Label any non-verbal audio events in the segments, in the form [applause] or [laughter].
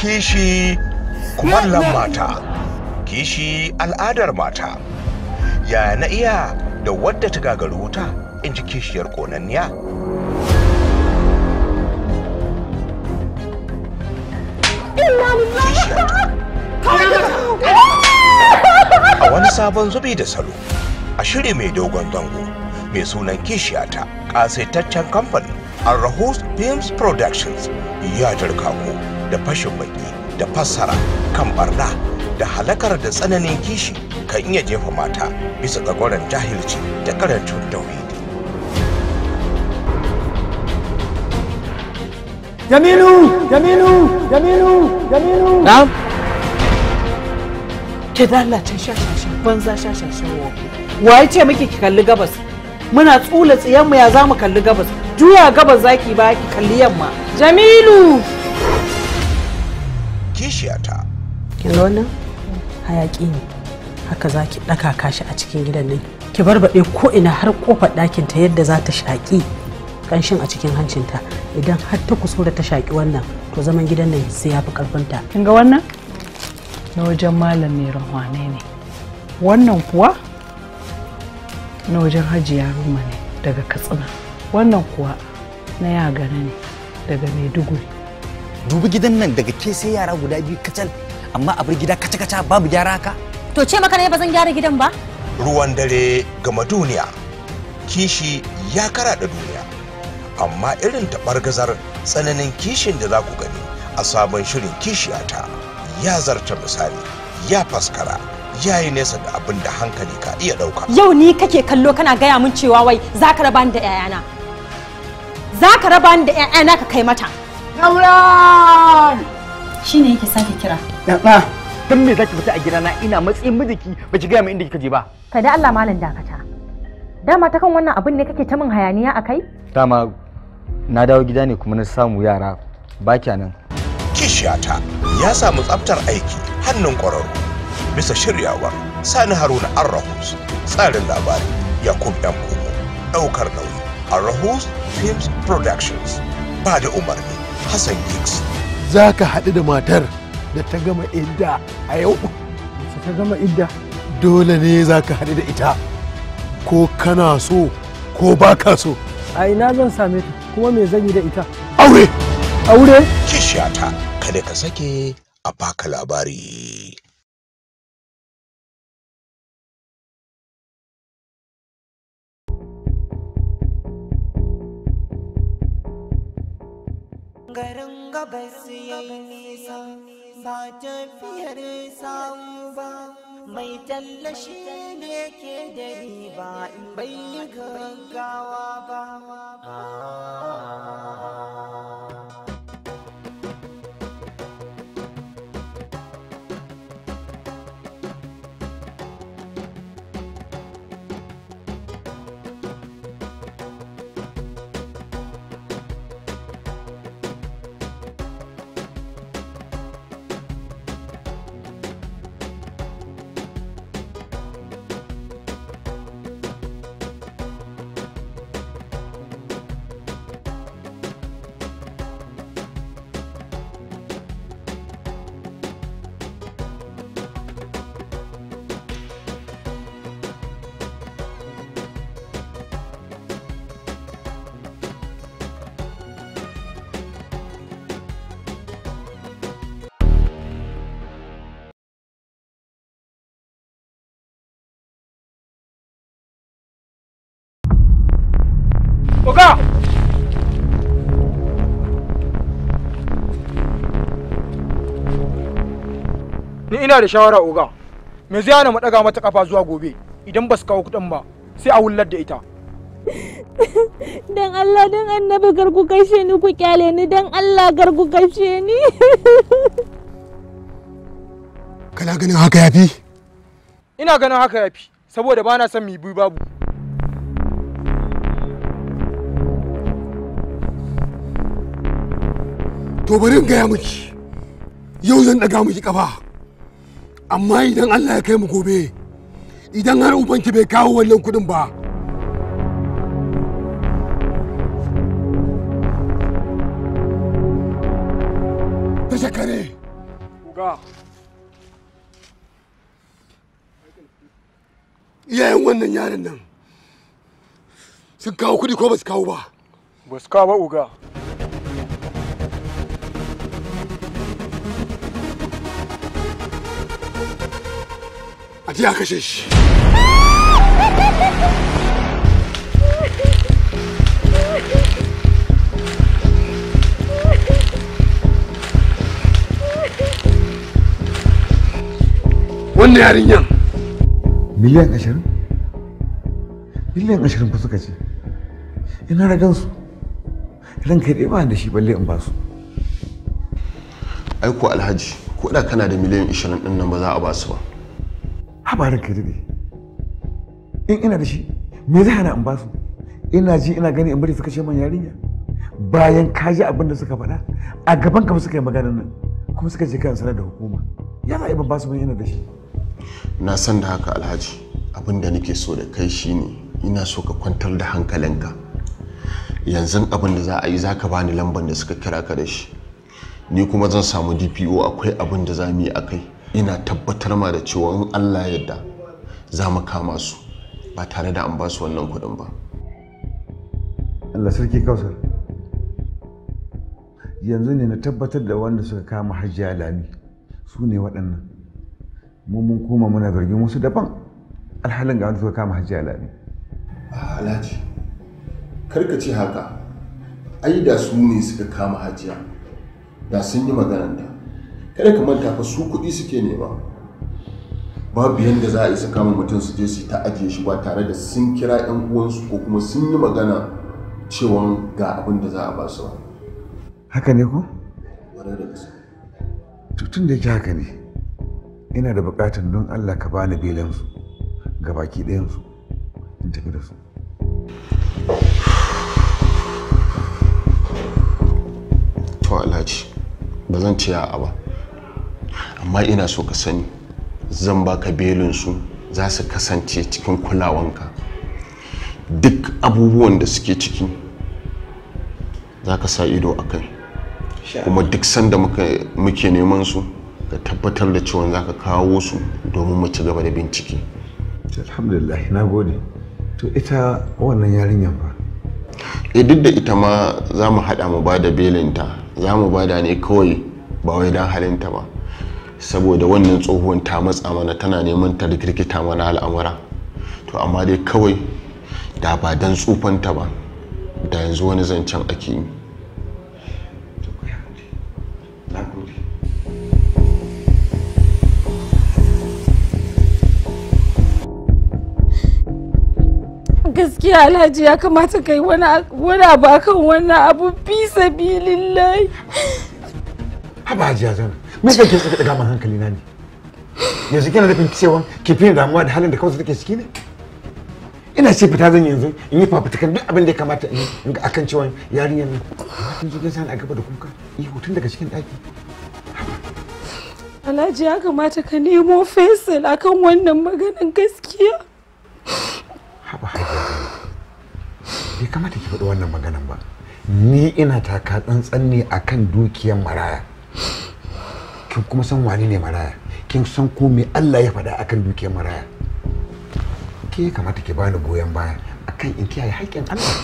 kishi kumallon mata kishi al'adar mata ya na iya da wadda ta gagaru wuta in ji kishiyar konanniya a wani sabon zubi da salo a shiri mai dogon dango mai sunan kishiyata ƙasaitaccen kamfanin Arahus Films Productions ya jarka ku da fashin baki da fassara kan barna da halakar da tsananin kishi kan iya jefa mata bisa ga gwaran jahilci da karantun tauhidi. Jaminu! Jaminu! Jaminu! Jaminu! Na'am? Ke dalacin shashashin banza shashashin wa. Wa ya ce muke ki kalli gabas? Muna tsula tsiyanmu ya za mu kalli gabas. juya gaba zaki ba ki kalli yamma jamilu kishiyata kin wannan hayaki ne haka zaki daka kashi a cikin gidan nan ki barbaɗe ko ina har kofar ɗakin ta yadda za ta shaƙi kanshin a cikin hancinta idan har ta kusura ta shaƙi wannan to zaman gidan nan sai ya fi ƙarfinta kin ga wannan na wajen malam mai rahwane ne wannan kuwa na wajen hajiya ruma ne daga katsina wannan kuwa na ya gane ne daga maiduguri dubi gidan nan daga ke sai yara guda biyu kacal amma abin gida kaca-kaca babu gyara ka to ce maka ne ba zan gyara gidan ba ruwan dare gama duniya kishi ya kara da duniya amma irin gazar tsananin kishin da za ku gani a sabon shirin kishiyata ya zarta misali ya faskara ya yi nesa da abin da hankali ka iya ɗauka yau ni kake kallo kana gaya min cewa wai za ka raba da 'ya'yana za ka raba ni da 'ya'yana ka kai mata Gauran! Shi ne yake sake kira. Ɗaɗa, don me za fita a gidana ina matsayin miziki ba ki gaya min inda kika je ba. Ka da Allah malam dakata. Dama ta kan wannan abin ne kake ta min hayaniya a kai? Dama na dawo gida ne kuma na samu yara ba nan. Kishiyata ya samu tsaftar aiki hannun ƙwararru bisa shiryawa Sani Haruna Arrahus tsarin labari Yakub Yankubu ɗaukar nauyi. a Rahos Films Productions ba da umarni Hassan Hicks. Za ka haɗu da matar da ta gama idda a yau? ta gama idda? Dole ne za ka haɗu da ita ko kana so ko ba ka so. A ina zan same ta kuma me zan yi da ita? Aure! Aure? Kishiyata kada ka sake a baka labari. garin gabas ya yi nisa ba tafiyar sawu ba mai tallashi ne ke da riba in bai gaggawa ba ni ina da shawara oga me zai hana mu daga mata kafa zuwa gobe idan ba su kawo kuɗin ba sai a wullar da ita [laughs] dan Allah dan annabi ku kashe ni ku kyale ni dan Allah ku kashe ni [laughs] kana ganin haka yafi ina ganin haka yafi saboda bana son mi bui babu to bari in gaya miki yau zan daga miki kafa amma idan Allah ya kai mu gobe idan har ubanki bai kawo wannan kuɗin ba ta iya iyayen wannan yaron nan sun kawo kuɗi ko ba su kawo ba ba su kawo ba uga Hadi ji kashe shi wannan yarinyan miliyan ashirin miliyan ashirin ku suka ce ina ragan su ran kai dai ba da shi balle in ba su ai alhaji ko da kana da miliyan ashirin din nan ba za a ba su ba ɓarin ka in ina da shi me zai hana in ba su ina ji ina gani in bari su kashe man yarinya bayan ka ji abin da suka faɗa a gaban ka suka yi magana nan kuma suka je kan sanar da hukuma ya za a yi ban ba su ina da shi na san da haka alhaji abin da nake so da kai shine ina so ka kwantar da hankalinka yanzu abin da za a yi za ka bani lambar da suka kira ka da shi ni kuma zan samu dpo akwai abin da za mu yi a kai ina tabbatar ma da cewa in Allah yadda za mu kama su ba tare da an ba su wannan kuɗin ba Allah sarki kausar yanzu ne na tabbatar da wanda suka kama hajjiya lami su ne waɗannan mu mun koma muna zargin wasu daban alhalin ga wanda suka kama hajjiya lami ah, alhaji karka ce haka ai da su ne suka kama hajiya da sun yi maganar da kada ka manta fa su kuɗi suke nema babu yadda za a isa kama mutum su je su ta ajiye shi ba tare da sun kira 'yan uwansu ko kuma sun yi magana cewa ga abin da za a ba su haka ne ko? wadda da gaske tun da yake haka ne ina da buƙatar don allah ka bani su ga baki ɗayan su in tafi da su to alhaji ba zan ciya a ba amma ina so ka sani zan baka belinsu za su kasance cikin kulawanka duk abubuwan da suke ciki za ka sa ido a kai kuma duk sanda muke neman su ka tabbatar da cewa za ka kawo su domin mu ci gaba da bincike alhamdulillah na gode to ita wannan yarinyar ba e eh, duk da ita ma za mu haɗa mu ba da belinta za mu ba da ne kawai ba wai don halinta ba saboda wannan tsohuwan ta matsa mana tana neman ta rikirkita mana al'amura to amma dai kawai da ba don tsufanta ba da yanzu wani zancen ake yi gaskiya alhaji ya kamata ka yi wani abu akan wannan abu fi sabilillahi haba hajiya zana me kake so ka daga min hankali na ne yanzu kina nufin cewa ki fi damuwa da halin da kawai take ciki ne ina ce fita zan yanzu in yi fafutukan duk abin da ya kamata in yi akan cewa yarinyar nan kin zo kin sani a gaba da kuka eh hutun daga cikin ɗaki Alhaji ya kamata ka nemo fesil akan wannan maganan gaskiya. Haba bai kamata ki faɗi wannan maganan ba. Ni ina taka tsantsan ne akan dukiyar maraya. kin kuma san wani ne maraya kin san ko me Allah ya faɗa akan duke maraya ke kamata ki bani goyon baya akan in kiyaye haƙƙin Allah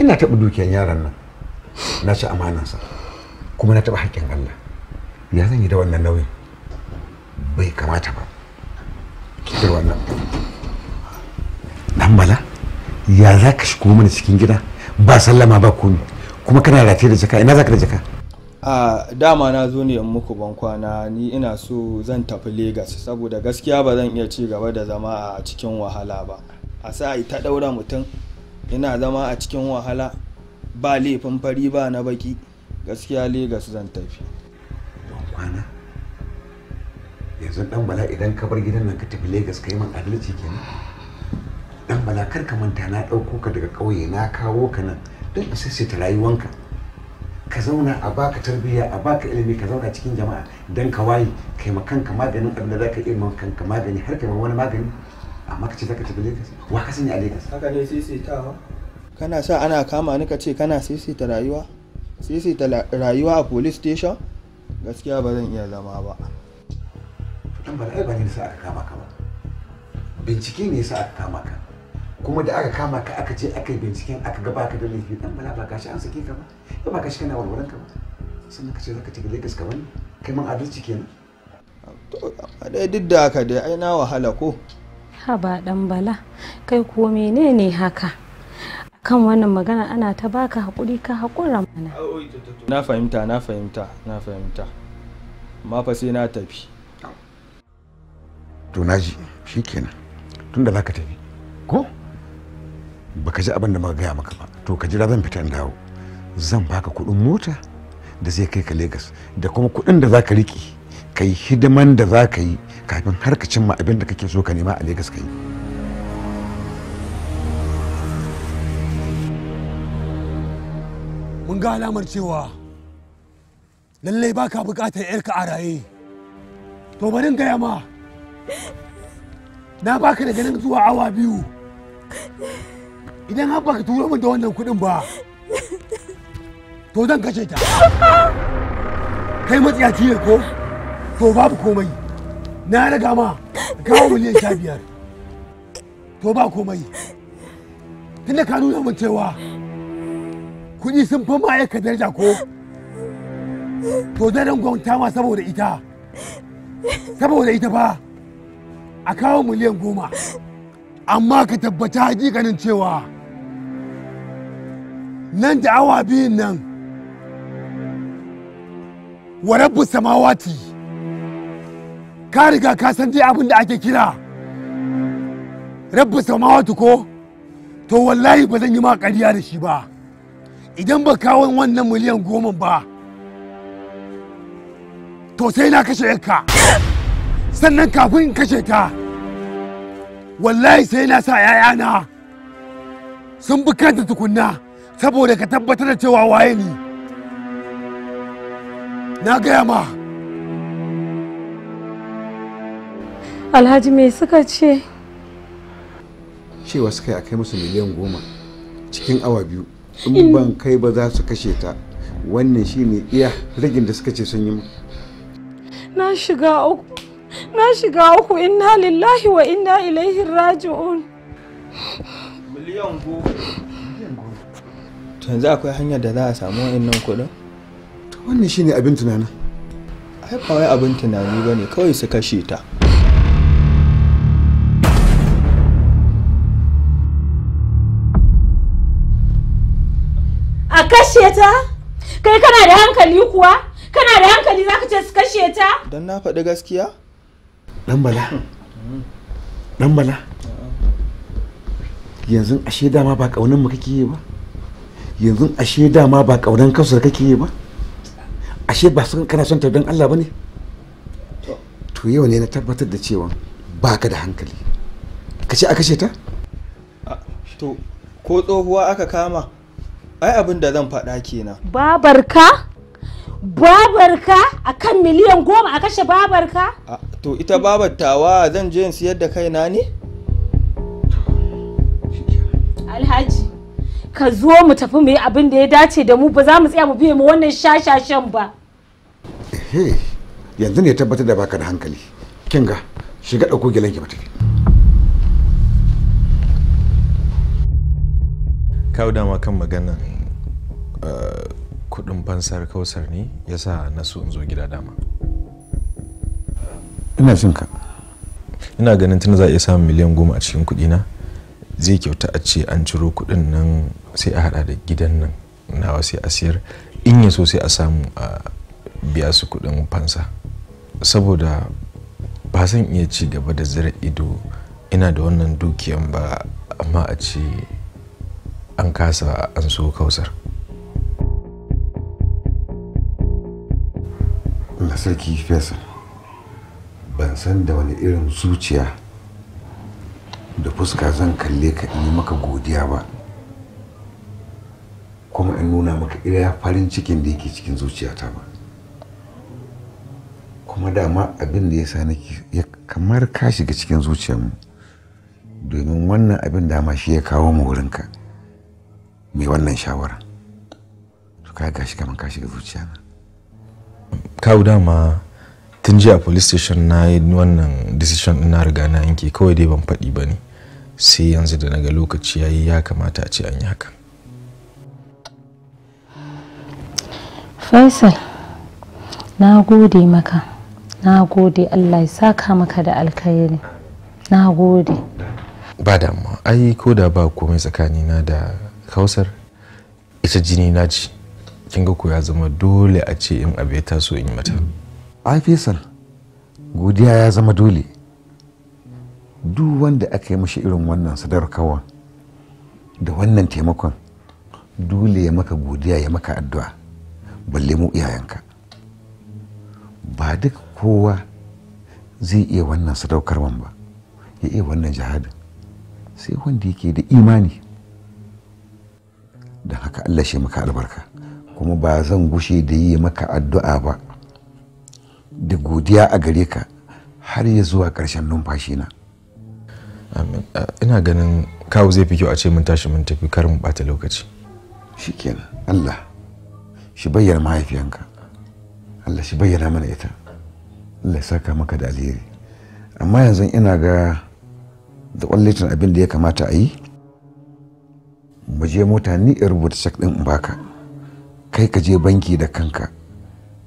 ina taɓa dukiyar yaron nan na ci amanansa kuma na taɓa haƙƙin Allah ya zan yi da wannan nauyin bai kamata ba kitar wannan dan bala ya za ka shigo mana cikin gida ba sallama ba komi kuma kana rataye da jaka ina za ka da jaka a dama na zo ne in muku bankwana ni ina so zan tafi Legas saboda gaskiya ba zan iya ci gaba da zama a cikin wahala ba a sa yi ta daura mutum ina zama a cikin wahala ba laifin fari ba na baki gaskiya Legas zan tafi bankwana yanzu dan bala idan ka bar gidan nan ka tafi Legas kai man adalci kenan dan bala kar ka manta na dauko ka daga kauye na kawo ka nan don a sassaita rayuwanka ka zauna a baka tarbiyya a baka ilimi ka zauna cikin jama'a dan ka waye kai ma kanka maganin abin da zaka iya kanka magani har kai ma wani magani amma ka ce zaka tafi Lagos wa ka sanya a Lagos haka ne sisitawa kana sa ana kama ni ka ce kana ta rayuwa ta rayuwa a police station gaskiya ba zan iya zama ba dan ba ai ba ne sa aka kama ka ba bincike ne sa aka kama ka kuma da aka kama ka aka je aka yi binciken aka gaba ka da laifi dan bala ba gashi an sake ka ba ba ba gashi kana walwalan ka ba sannan ka ce zaka tafi Lagos ka bani kai man adalci kenan dai duk da haka dai ai na wahala ko haba dan bala kai ko menene haka kan wannan magana ana ta baka hakuri ka hakura mana na fahimta na fahimta na fahimta amma fa sai na tafi to naji shikenan tunda zaka tafi ko baka ji abin da muka gaya maka ba to ka jira zan fita in dawo zan baka kudin mota da zai kai ka Legas da kuma kudin da za ka kai ka hidiman da za ka yi kafin har ka cimma abin da kake so ka nema a Legas ka Mun ga alamar cewa lallai baka ka bukatar ‘yarka a raye, to barin gaya ma, na baka da ganin zuwa awa biyu. idan har baka turo min da wannan kuɗin ba to zan kashe ta kai matsiya ne ko to babu komai na raga ma kawo miliyan sha biyar to ba komai tunda ka nuna min cewa kuɗi sun fi ma yaka daraja ko to zan ta ma saboda ita saboda ita ba a kawo miliyan goma amma ka tabbata hakikanin cewa nan da awa biyun nan wa rabu samawati ka riga ka san dai abin da ake kira rabu samawati ko to wallahi ba zan yi ma ƙarya da shi ba idan ba kawo wannan miliyan goma ba to sai na kashe ka, sannan kafin in kashe ta wallahi sai na sa 'ya'yana sun bi kanta tukunna saboda ka tabbatar da cewa waye ni na gaya ma alhaji me suka ce cewa suka yi a kai musu miliyan goma cikin awa biyu in ban kai ba za su kashe ta wannan shine iya rigin da suka ce sun yi na shiga uku na shiga uku inna lillahi wa inna ilaihi raji'un miliyan goma to yanzu akwai hanyar da za a samu wa'annan kuɗin to wannan shine abin tunanin ai ba wai abin tunani bane kawai su kashe ta a kashe ta kai kana da hankali kuwa kana da hankali za ka ce su kashe ta don na faɗi gaskiya dan bala dan bala yanzu ashe dama ba ƙaunar mu kake yi ba yanzu ashe dama ba kaunan kausar kake yi ba ashe ba sun kana son tarbiyyar Allah ba ne to yau ne na tabbatar da cewa baka da hankali ka ce a kashe ta to ko tsohuwa aka kama ai abin da zan faɗa kenan babarka babarka akan miliyan goma a kashe babarka to ita babar tawa zan je in siyar da kaina ne alhaji ka zo mu tafi mu yi abin da ya dace da mu ba za mu tsaya mu biye mu wannan shashashan ba yanzu ne tabbatar da baka da hankali kinga shiga ɗauko gilan ki tafi kawo dama kan maganan eh, kudin fansar kausar ne ya sa na so in zo gida dama ina jin ka ina ganin tun za a iya samun miliyan goma a cikin kudina zai kyauta a ce an ciro kuɗin nan sai a hada da gidan nan nawa sai a siyar in ya so sai a samu a biya su kuɗin fansa saboda ba zan iya ci gaba da zira ido ina da wannan dukiyan ba amma a ce an kasa an so kausar Allah sarki fesa ban san da wani irin zuciya da fuska zan kalle ka in yi maka godiya ba kuma in nuna maka iya farin cikin da yake cikin zuciyata ba kuma dama abin da ya sa nake ya kamar ka shiga cikin zuciyarmu domin wannan abin dama shi ya kawo mu wurinka mai wannan shawara to ka shi kamar ka shiga zuciyana kawo dama tun jiya police station na yi wannan decision na riga na yanke kawai dai ban faɗi ba ne sai yanzu da naga lokaci yayi ya kamata a ce an yi haka faisal na gode maka na gode allah ya saka maka da alkhairi na gode ba damuwa ai ko da ba komai tsakani na da kausar ita jini na ci kin ga ko ya zama dole a ce in abu ya taso in yi mata ai faisal godiya ya zama dole duk wanda aka yi mashi irin wannan sadarkawa da wannan taimakon dole ya maka godiya ya maka addu'a balle mu iyayenka ba duk kowa zai iya wannan sadaukarwan ba ya iya wannan jihadin sai wanda yake da imani da haka Allah shi maka albarka kuma ba zan gushe da yi maka addu'a ba da godiya a gare ka har ya zuwa ƙarshen na. ina ganin kawo zai fi kyau a ce mun tashi mun tafi kar mu bata lokaci shikenan Allah shi bayyana mahaifiyanka Allah shi bayyana mana ita Allah ya saka maka da alheri amma yanzu ina ga da kwallatin abin da ya kamata a yi mu je mota ni in rubuta cek din in baka kai ka je banki da kanka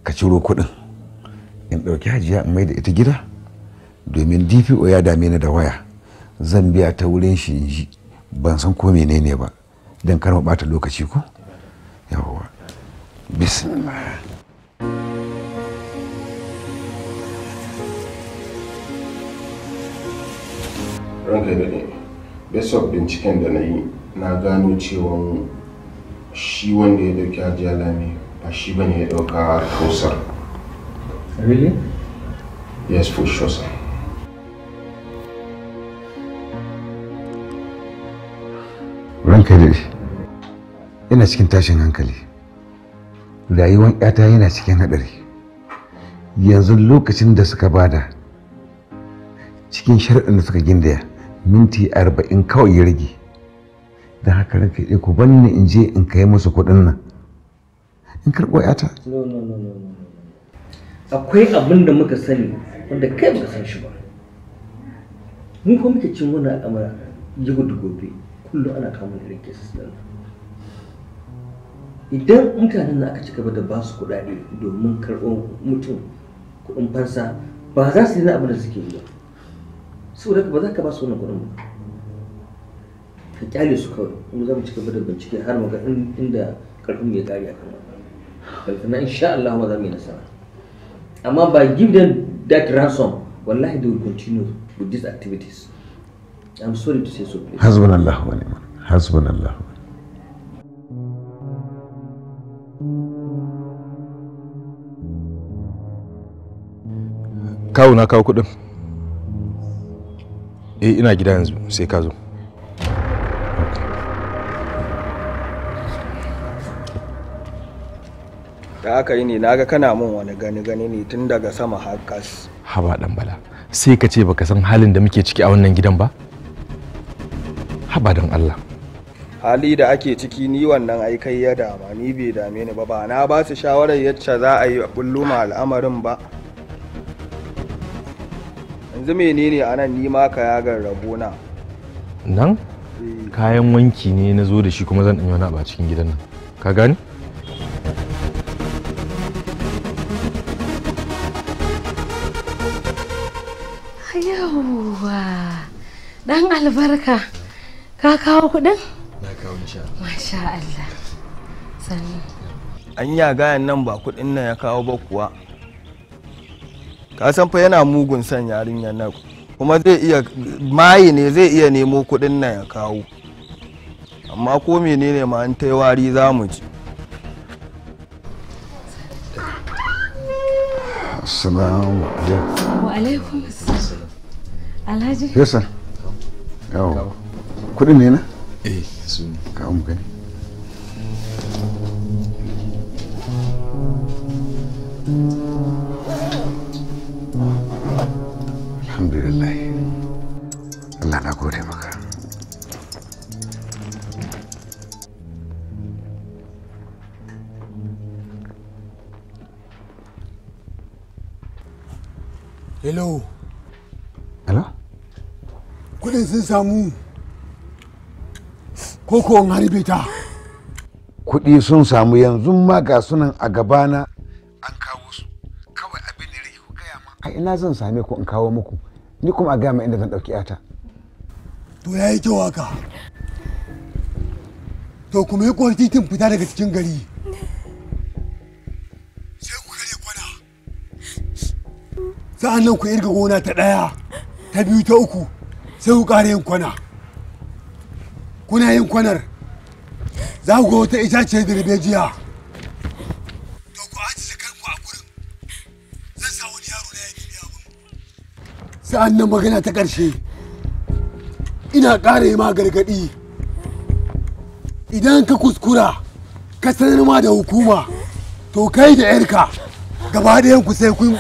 ka ciro kuɗin in ɗauki hajiya in mai da ita gida domin dpo ya dame ni da waya zan biya ta wurin shi ban san ko menene ba don kar mu bata lokaci ko yawwa bismillah ranka daɗe bisa binciken da na yi na gano cewa shi wanda ya dauki hajiya lami ba shi bane ya dauka kausar really yes for sure sir ranka da yana cikin tashin hankali rayuwar yata yana cikin haɗari yanzu lokacin da suka bada cikin sharaɗin da suka gindaya minti arba'in kawai ya rage da haka ranka ya ku banni in je in kai musu kuɗin nan in karɓo yata akwai abin da muka sani wanda kai baka san shi ba mu kuma muke cin wani al'amura yau da gobe kullum ana da irin cases nan. idan mutanen na aka ci gaba da ba su kuɗaɗe domin karɓar mutum kuɗin fansa ba za su yi na abin da suke yi ba saboda ba za ka ba su wannan kuɗin ba ka kyale su kawai kuma za mu ci gaba da bincike har mu ga inda karfin ya kare a kama. wannan in insha Allah ma za mu yi nasara amma by give them that ransom wallahi they will continue with these activities I'm sorry to say so, please. Husband Allah, husband Allah. Kawo na kawo kuɗin. Eh ina gida yanzu sai ka zo. da aka yi ne na ga kana min wani gani gani ne tun daga sama har kas. Haba dan bala sai ka ce baka san halin da muke ciki a wannan gidan ba? haba don Allah hali da ake ciki ni wannan ai ya dama ni bai dame ni ba ba na ba su shawarar yacce za a yi bulluma al'amarin ba yanzu menene anan ni ma ka yagar rabona nan eh. kayan wanki ne na zo da shi kuma zan ɗanyi wani abu cikin gidan nan ka gani yawwa ɗan albarka ka kawo kuɗin? na kawo insha Allah masha Allah sannu an ya gayan nan ba kuɗin nan ya kawo ba kuwa ka san fa yana mugun san yarinyar nan kuma zai iya maye ne zai iya nemo kuɗin nan ya kawo amma ko menene ma an tai wari za mu ji Assalamu alaikum. Wa alaikum assalam. Alhaji. Yes sir. Yawa. kudin ne né eh su ne kawo mu na hello hello kudin sun amor ko ko harbe ta kuɗi sun samu yanzu ma ga sunan a gabana an kawo su kawai abin da rage ku gaya ma a ina zan same ku in kawo muku ni kuma a gaya ma inda zan dauki yata to yayi kyau haka to kuma yi kwartitin fita daga cikin gari sai ku kare kwana sa'an nan ku irga gona ta ɗaya ta biyu ta uku sai ku ƙara yin kwana kuna yin kwanar za ku ga wata itace dirbejiya to ku aji kanku a gurin zan sa wani yaro na ya nemi abin sa'an nan magana ta ƙarshe ina ƙara ma gargaɗi idan ka kuskura ka sanar ma da hukuma to kai da yarka gaba ɗayan ku sai kun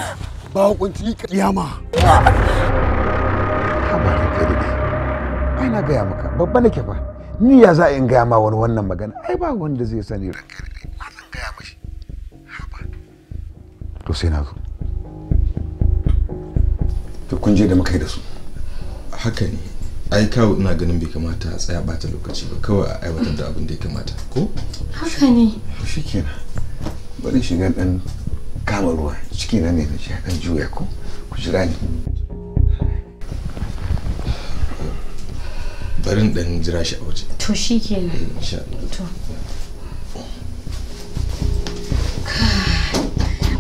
ba hukunci kiyama haba ai na gaya maka babba nake fa ni ya za in gaya ma wani wannan magana ai ba wanda zai sani ranka ne ba zan gaya mashi to sai na zo to kun je da muka yi da su haka ne ai kawo ina ganin bai kamata a tsaya bata lokaci ba kawai a aiwatar da abin da ya kamata ko haka ne shikenan bari shiga dan kama ruwa ciki na ne na shi dan juya ko ku jira ni barin dan jira shi a waje to shi kenan eh, to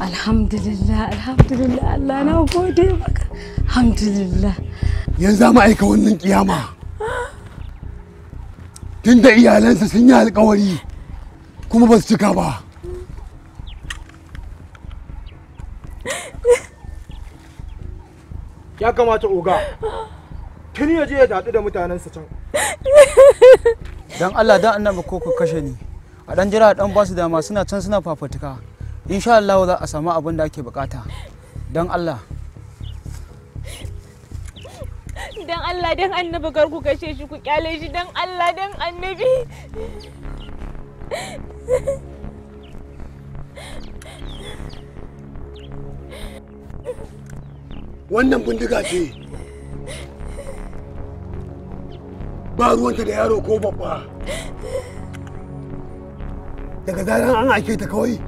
alhamdulillah alhamdulillah Allah na gode maka alhamdulillah yanzu mu aika wannan kiyama tunda iyalansa sun yi alkawari kuma ba su cika ba ya kamata oga tun yaje ya daɗu da mutanensa can dan Allah dan annabi ko ku kashe ni a dan jira dan basu dama suna can suna fafatuka insha Allah za a samu abin da ake bukata dan Allah dan Allah dan annabi kar ku kashe shi ku kyale shi dan Allah dan annabi wannan bindiga ce ba ruwanta da yaro ko babba daga zaran an ake ta kawai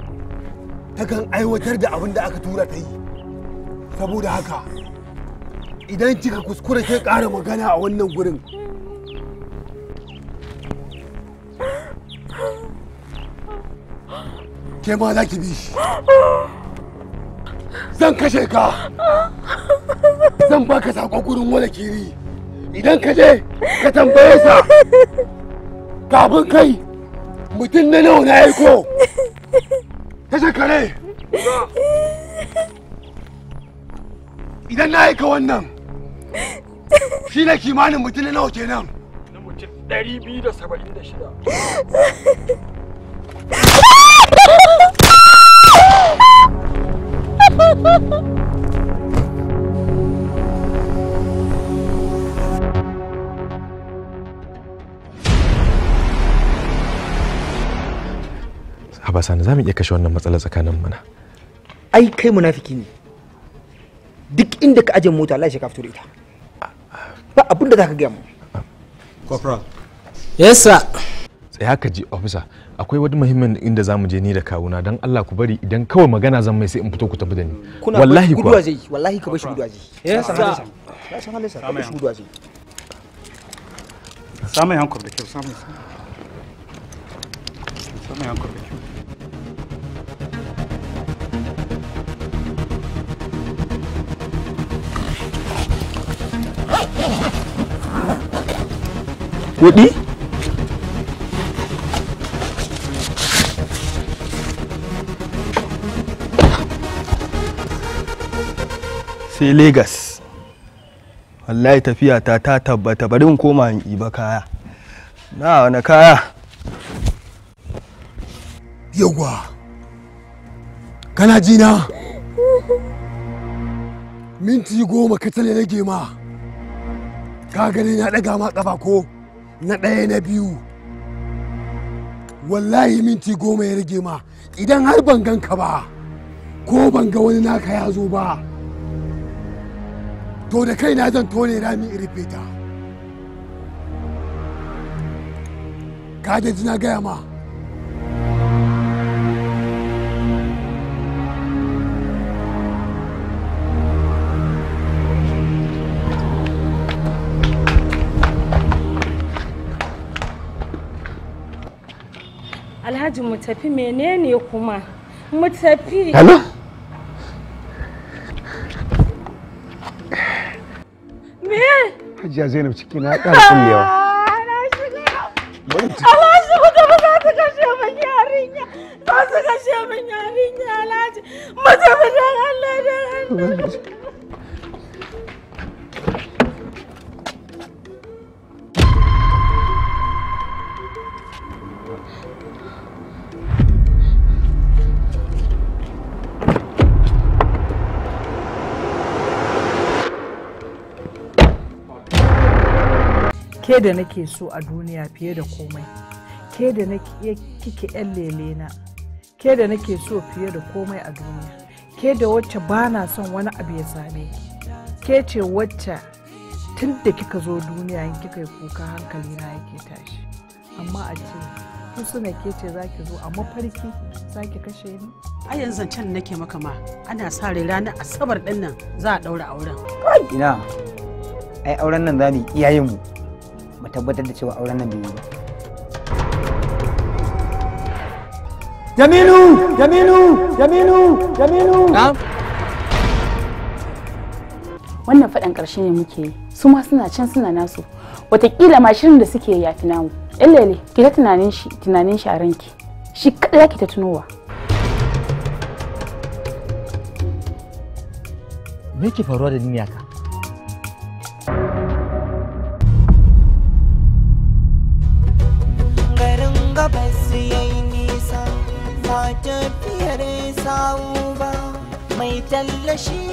ta kan aiwatar da abin da aka tura ta yi saboda haka idan kika kuskure ke ƙara magana a wannan gurin ke ma za ki bi shi zan kashe ka zan baka sako gurin wala kiri idan ka je ka tambaye sa kafin kai mutum na nawa na aiko ta shekare idan na aika wannan shi ne kimanin mutum na nawa kenan na mutum 276 Ha ha ha! haba sani za mu iya kashe wannan matsalar tsakanin mana ai kai munafiki ne duk inda ka aje mota Allah ya ka fito da ita ba abin da zaka ga mu corporal yes sir sai ka ji officer akwai wani muhimmin inda zamu je ni da kawuna dan Allah ku bari idan kawai magana zan mai sai in fito ku tafi da ni wallahi ku guduwa wallahi ka bashi guduwa yes sir ya san sa ka bashi guduwa zai da kyau da kyau kuɗi sai Legas wallahi tafiya ta ta tabbata bari in koma in iba kaya na wani kaya yawwa kana jina minti goma katsale na gema ka gani na ɗaga ma ƙafa ko na ɗaya na biyu wallahi minti goma ya rage ma idan har ban gan ka ba ko ban ga wani naka ya zo ba to da kai na zan tone rami iri feta ka jina na gaya ma alhaji mu tafi menene kuma mu tafi hello me hajiya zainab ciki na ƙara kullewa alhaji mu za kashe min yarinya za kashe mu tafi don allah don allah ke da nake so a duniya fiye da komai ke da eh, kike yan lele na ke da nake so fiye da komai a duniya ke da wacce ba na son wani abu ya same ki. ke ce wacce tun da kika zo duniya in kika yi kuka hankali na yake tashi amma a ce kun suna ke ce za ki zo a mafarki za ki kashe ni a yanzu can nake maka ma ana sa rai ranar asabar ɗin nan za a ɗaura auren ina ai auren nan za mu iyayenmu mu mu tabbatar da cewa auren nan bai yi ba Jaminu! Jaminu! Jaminu! Jaminu! Wannan faɗan ƙarshe ne muke yi. Su ma suna can suna nasu. Wataƙila ma shirin da suke ya fi namu. Ɗan ki ta tunanin shi, tunanin shi a ranki. Shi kaɗai ki ta tunowa. Me ke faruwa da duniya ka? 心。